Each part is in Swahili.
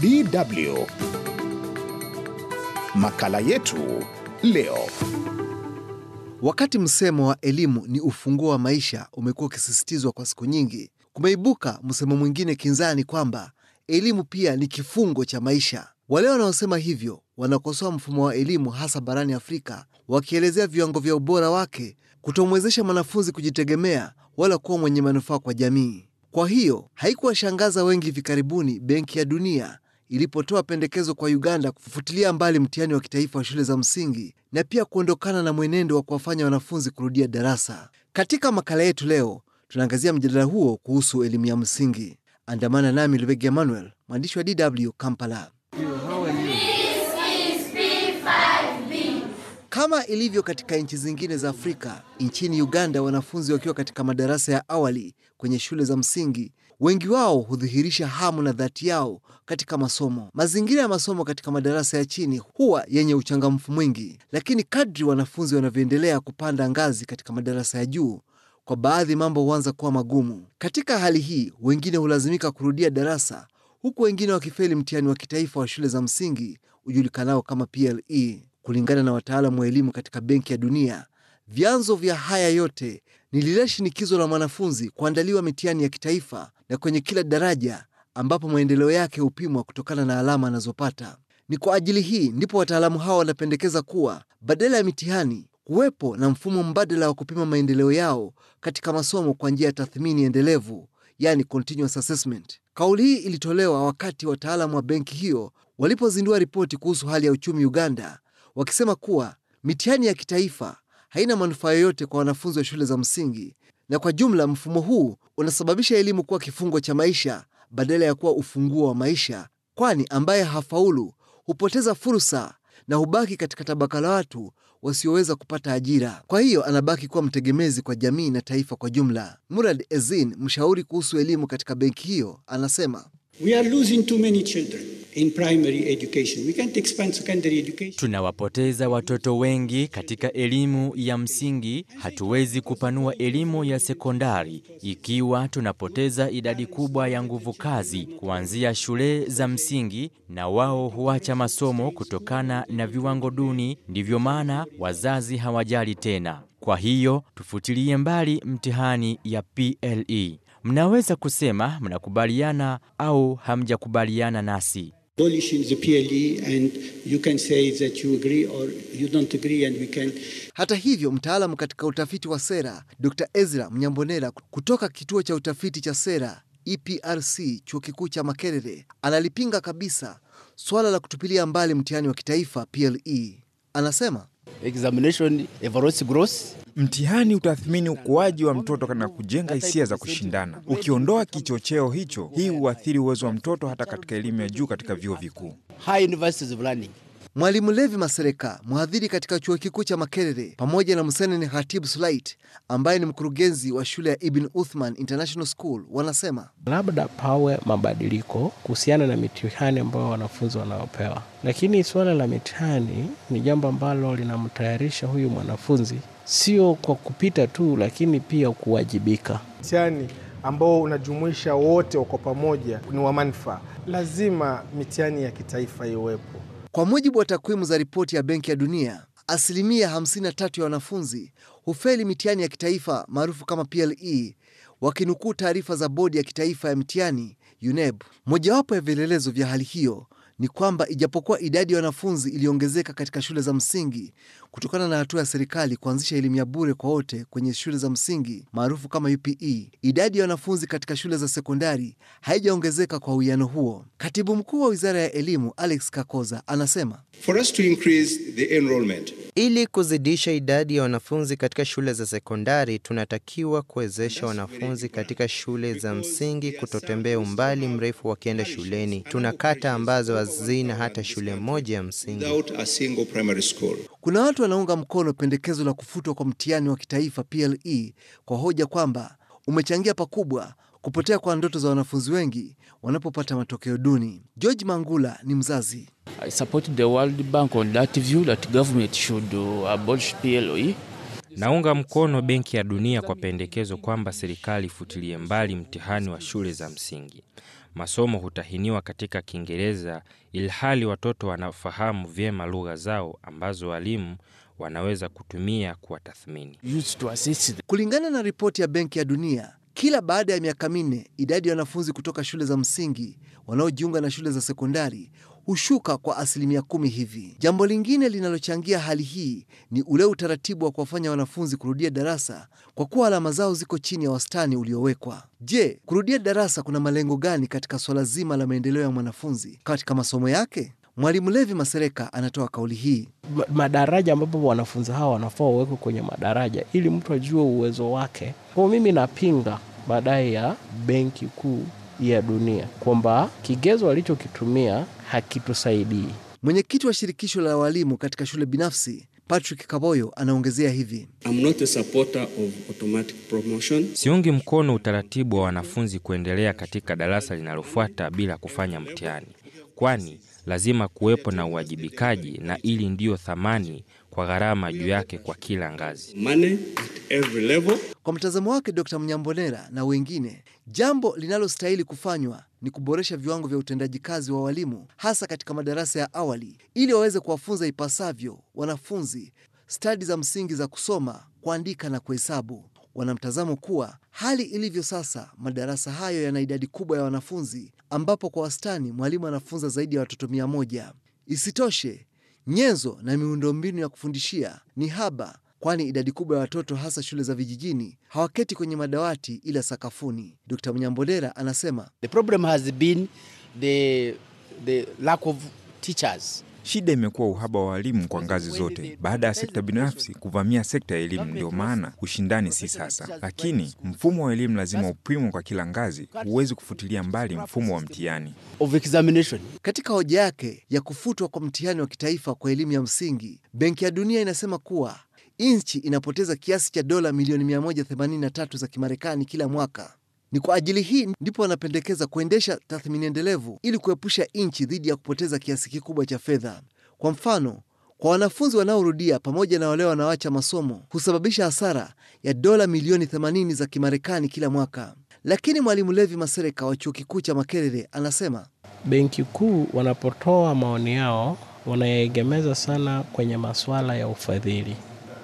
DW. Makala yetu leo. Wakati msemo wa elimu ni ufunguo wa maisha umekuwa ukisisitizwa kwa siku nyingi, kumeibuka msemo mwingine kinzani kwamba elimu pia ni kifungo cha maisha. Wale wanaosema hivyo wanakosoa mfumo wa elimu hasa barani Afrika, wakielezea viwango vya ubora wake, kutomwezesha mwanafunzi kujitegemea wala kuwa mwenye manufaa kwa jamii. Kwa hiyo haikuwashangaza wengi hivi karibuni Benki ya Dunia ilipotoa pendekezo kwa Uganda kufutilia mbali mtihani wa kitaifa wa shule za msingi na pia kuondokana na mwenendo wa kuwafanya wanafunzi kurudia darasa. Katika makala yetu leo tunaangazia mjadala huo kuhusu elimu ya msingi. Andamana nami Lubegi Emmanuel, mwandishi wa DW Kampala. Kama ilivyo katika nchi zingine za Afrika, nchini Uganda, wanafunzi wakiwa katika madarasa ya awali kwenye shule za msingi, wengi wao hudhihirisha hamu na dhati yao katika masomo. Mazingira ya masomo katika madarasa ya chini huwa yenye uchangamfu mwingi, lakini kadri wanafunzi wanavyoendelea kupanda ngazi katika madarasa ya juu, kwa baadhi mambo huanza kuwa magumu. Katika hali hii, wengine hulazimika kurudia darasa, huku wengine wakifeli mtihani wa kitaifa wa shule za msingi ujulikanao kama PLE. Kulingana na wataalamu wa elimu katika Benki ya Dunia, vyanzo vya haya yote ni lile shinikizo la mwanafunzi kuandaliwa mitihani ya kitaifa na kwenye kila daraja ambapo maendeleo yake hupimwa kutokana na alama anazopata. Ni kwa ajili hii ndipo wataalamu hawa wanapendekeza kuwa badala ya mitihani kuwepo na mfumo mbadala wa kupima maendeleo yao katika masomo kwa njia ya tathmini endelevu, yani continuous assessment. Kauli hii ilitolewa wakati wataalamu wa benki hiyo walipozindua ripoti kuhusu hali ya uchumi Uganda wakisema kuwa mitihani ya kitaifa haina manufaa yoyote kwa wanafunzi wa shule za msingi, na kwa jumla mfumo huu unasababisha elimu kuwa kifungo cha maisha badala ya kuwa ufunguo wa maisha, kwani ambaye hafaulu hupoteza fursa na hubaki katika tabaka la watu wasioweza kupata ajira. Kwa hiyo anabaki kuwa mtegemezi kwa jamii na taifa kwa jumla. Murad Ezin, mshauri kuhusu elimu katika benki hiyo, anasema We are losing too many children in primary education. We can't expand secondary education. Tunawapoteza watoto wengi katika elimu ya msingi, hatuwezi kupanua elimu ya sekondari ikiwa tunapoteza idadi kubwa ya nguvu kazi kuanzia shule za msingi, na wao huacha masomo kutokana na viwango duni. Ndivyo maana wazazi hawajali tena. Kwa hiyo tufutilie mbali mtihani ya PLE. Mnaweza kusema mnakubaliana au hamjakubaliana nasi. Hata hivyo, mtaalamu katika utafiti wa sera Dr. Ezra Mnyambonera kutoka kituo cha utafiti cha sera EPRC chuo kikuu cha Makerere analipinga kabisa swala la kutupilia mbali mtihani wa kitaifa PLE. Anasema examination evaluates growth. Mtihani utathmini ukuaji wa mtoto na kujenga hisia za kushindana. Ukiondoa kichocheo hicho, hii huathiri uwezo wa mtoto hata katika elimu ya juu katika vyuo vikuu. High universities of learning Mwalimu Levi Masereka, mhadhiri katika chuo kikuu cha Makerere, pamoja na Msenene Hatib Sulait ambaye ni mkurugenzi wa shule ya Ibn Uthman International School, wanasema labda pawe mabadiliko kuhusiana na mitihani ambayo wanafunzi wanaopewa, lakini suala la mitihani ni jambo ambalo linamtayarisha huyu mwanafunzi sio kwa kupita tu, lakini pia kuwajibika. Mtihani ambao unajumuisha wote kwa pamoja ni wa manufaa. Lazima mitihani ya kitaifa iwepo kwa mujibu wa takwimu za ripoti ya Benki ya Dunia, asilimia 53 ya wanafunzi hufeli mitihani ya kitaifa maarufu kama PLE, wakinukuu taarifa za bodi ya kitaifa ya mitihani UNEB. Mojawapo ya vielelezo vya hali hiyo ni kwamba ijapokuwa idadi ya wanafunzi iliongezeka katika shule za msingi, kutokana na hatua ya serikali kuanzisha elimu ya bure kwa wote kwenye shule za msingi maarufu kama UPE, idadi ya wanafunzi katika shule za sekondari haijaongezeka kwa uwiano huo. Katibu mkuu wa wizara ya elimu Alex Kakoza anasema For us to increase the enrollment, ili kuzidisha idadi ya wanafunzi katika shule za sekondari tunatakiwa kuwezesha wanafunzi katika shule za msingi kutotembea umbali mrefu wakienda shuleni. Tuna kata ambazo hazina hata shule moja ya msingi. Kuna Watu wanaunga mkono pendekezo la kufutwa kwa mtihani wa kitaifa PLE kwa hoja kwamba umechangia pakubwa kupotea kwa ndoto za wanafunzi wengi wanapopata matokeo duni. George Mangula ni mzazi. I support the World Bank on that view that government should uh, abolish PLE. Naunga mkono Benki ya Dunia kwa pendekezo kwamba serikali ifutilie mbali mtihani wa shule za msingi masomo hutahiniwa katika Kiingereza ilhali watoto wanafahamu vyema lugha zao ambazo walimu wanaweza kutumia kuwatathmini. Kulingana na ripoti ya Benki ya Dunia, kila baada ya miaka minne idadi ya wanafunzi kutoka shule za msingi wanaojiunga na shule za sekondari hushuka kwa asilimia kumi hivi. Jambo lingine linalochangia hali hii ni ule utaratibu wa kuwafanya wanafunzi kurudia darasa kwa kuwa alama zao ziko chini ya wastani uliowekwa. Je, kurudia darasa kuna malengo gani katika swala zima la maendeleo ya mwanafunzi katika masomo yake? Mwalimu Levi Masereka anatoa kauli hii. Madaraja ambapo wanafunzi hawa wanafaa wawekwe kwenye madaraja ili mtu ajue uwezo wake. Kwa mimi napinga madai ya Benki Kuu ya Dunia kwamba kigezo alichokitumia hakitusaidii. Mwenyekiti wa shirikisho la walimu katika shule binafsi Patrick Kaboyo anaongezea hivi: I'm not a supporter of automatic promotion. Siungi mkono utaratibu wa wanafunzi kuendelea katika darasa linalofuata bila kufanya mtihani, kwani lazima kuwepo na uwajibikaji, na ili ndiyo thamani kwa gharama juu yake kwa kila ngazi. Money every level. Kwa mtazamo wake Dr. Mnyambolera na wengine, jambo linalostahili kufanywa ni kuboresha viwango vya utendaji kazi wa walimu hasa katika madarasa ya awali ili waweze kuwafunza ipasavyo wanafunzi stadi za msingi za kusoma, kuandika na kuhesabu. Wanamtazamo kuwa hali ilivyo sasa, madarasa hayo yana idadi kubwa ya wanafunzi, ambapo kwa wastani mwalimu anafunza zaidi ya watoto mia moja. Isitoshe, nyenzo na miundombinu ya kufundishia ni haba kwani idadi kubwa ya watoto hasa shule za vijijini hawaketi kwenye madawati ila sakafuni. Dr. Mnyambodera anasema the problem has been the, the lack of teachers. Shida imekuwa uhaba wa walimu kwa ngazi zote, baada ya sekta binafsi kuvamia sekta ya elimu. Ndio maana ushindani si sasa, lakini mfumo wa elimu lazima upimwe kwa kila ngazi. Huwezi kufutilia mbali mfumo wa mtihani. Katika hoja yake ya kufutwa kwa mtihani wa kitaifa kwa elimu ya msingi, Benki ya Dunia inasema kuwa Nchi inapoteza kiasi cha dola milioni 183 za Kimarekani kila mwaka. Ni kwa ajili hii ndipo wanapendekeza kuendesha tathmini endelevu ili kuepusha nchi dhidi ya kupoteza kiasi kikubwa cha fedha. Kwa mfano, kwa wanafunzi wanaorudia pamoja na wale wanaoacha masomo husababisha hasara ya dola milioni 80 za Kimarekani kila mwaka. Lakini Mwalimu Levi Masereka wa Chuo Kikuu cha Makerere anasema benki kuu wanapotoa maoni yao wanayaegemeza sana kwenye masuala ya ufadhili.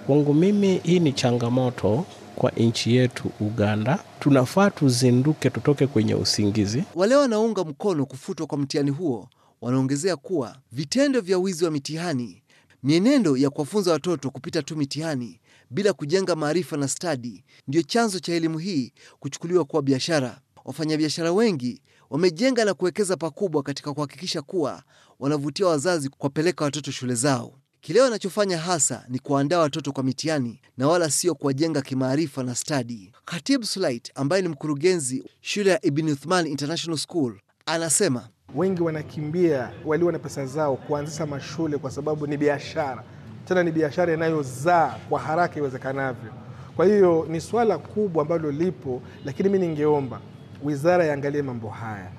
Kwangu mimi hii ni changamoto kwa nchi yetu Uganda. Tunafaa tuzinduke, tutoke kwenye usingizi. Wale wanaunga mkono kufutwa kwa mtihani huo wanaongezea kuwa vitendo vya wizi wa mitihani, mienendo ya kuwafunza watoto kupita tu mitihani bila kujenga maarifa na stadi, ndiyo chanzo cha elimu hii kuchukuliwa kuwa biashara. Wafanyabiashara wengi wamejenga na kuwekeza pakubwa katika kuhakikisha kuwa wanavutia wazazi kuwapeleka watoto shule zao. Kile wanachofanya hasa ni kuandaa watoto kwa mitihani na wala sio kuwajenga kimaarifa na stadi. Khatib Sulait ambaye ni mkurugenzi shule ya Ibn Uthman International School anasema wengi wanakimbia walio na pesa zao kuanzisha mashule kwa sababu ni biashara, tena ni biashara inayozaa kwa haraka iwezekanavyo. Kwa hiyo ni swala kubwa ambalo lipo, lakini mi ningeomba wizara iangalie mambo haya,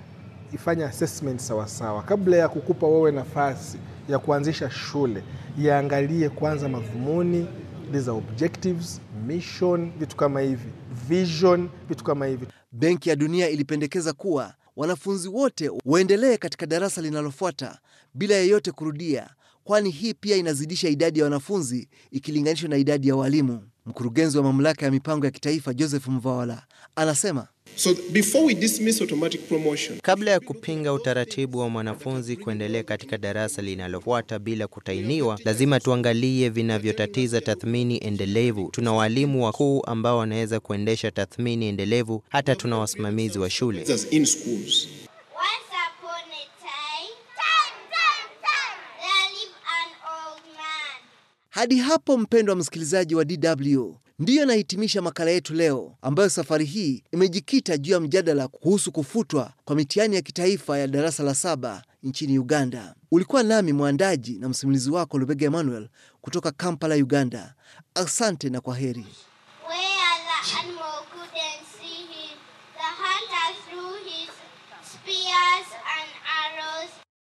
ifanye assessment sawasawa kabla ya kukupa wewe nafasi ya kuanzisha shule yaangalie kwanza madhumuni, these are objectives, mission, vitu kama hivi, vision, vitu kama hivi. Benki ya Dunia ilipendekeza kuwa wanafunzi wote waendelee katika darasa linalofuata bila yeyote kurudia, kwani hii pia inazidisha idadi ya wanafunzi ikilinganishwa na idadi ya walimu. Mkurugenzi wa mamlaka ya mipango ya kitaifa Joseph Mvawala anasema So before we dismiss automatic promotion, kabla ya kupinga utaratibu wa mwanafunzi kuendelea katika darasa linalofuata bila kutainiwa, lazima tuangalie vinavyotatiza tathmini endelevu. Tuna walimu wakuu ambao wanaweza kuendesha tathmini endelevu, hata tuna wasimamizi wa shule. Hadi hapo mpendwa msikilizaji wa DW, ndiyo nahitimisha makala yetu leo, ambayo safari hii imejikita juu ya mjadala kuhusu kufutwa kwa mitihani ya kitaifa ya darasa la saba nchini Uganda. Ulikuwa nami mwandaji na msimulizi wako Lubega Emmanuel kutoka Kampala, Uganda. Asante na kwa heri.